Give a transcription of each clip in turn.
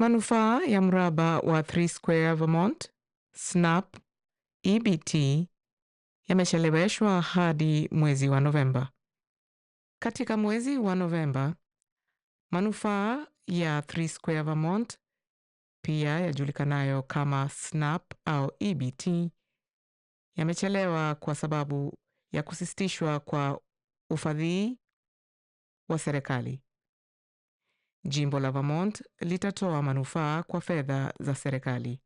Manufaa ya mraba wa Three Square Vermont, SNAP, EBT yamecheleweshwa hadi mwezi wa Novemba. Katika mwezi wa Novemba, manufaa ya Square Vermont pia yajulikanayo kama SNAP au EBT yamechelewa kwa sababu ya kusistishwa kwa ufadhili wa serikali. Jimbo la Vermont litatoa manufaa kwa fedha za serikali.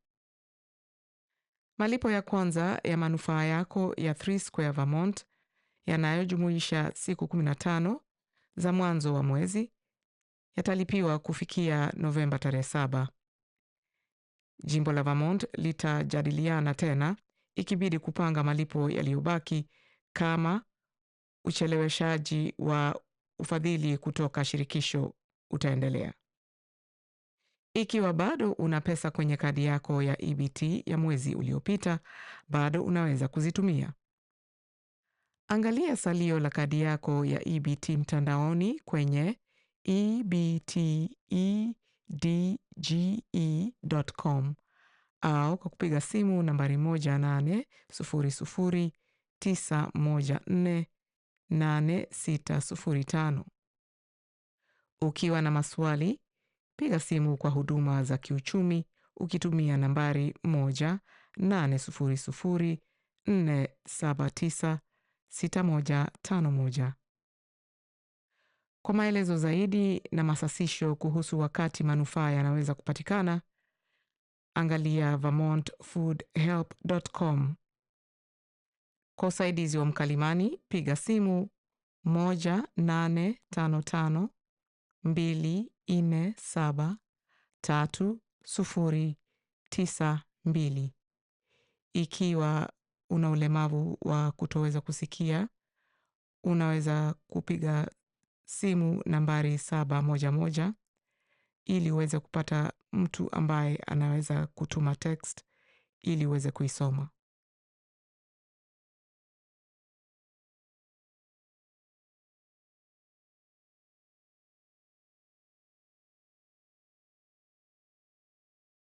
Malipo ya kwanza ya manufaa yako ya Three Square Vermont yanayojumuisha siku 15 za mwanzo wa mwezi yatalipiwa kufikia Novemba tarehe 7. Jimbo la Vermont litajadiliana tena ikibidi kupanga malipo yaliyobaki kama ucheleweshaji wa ufadhili kutoka shirikisho utaendelea. Ikiwa bado una pesa kwenye kadi yako ya EBT ya mwezi uliopita, bado unaweza kuzitumia. Angalia salio la kadi yako ya EBT mtandaoni kwenye ebtedge.com au kwa kupiga simu nambari 18009148605. Ukiwa na maswali, piga simu kwa huduma za kiuchumi ukitumia nambari 1-800-479-6151 kwa maelezo zaidi na masasisho kuhusu wakati manufaa yanaweza kupatikana. Angalia vermontfoodhelp.com. Kwa usaidizi wa mkalimani piga simu 1855 mbili nne saba tatu sufuri tisa mbili. Ikiwa una ulemavu wa kutoweza kusikia, unaweza kupiga simu nambari saba moja moja ili uweze kupata mtu ambaye anaweza kutuma text ili uweze kuisoma.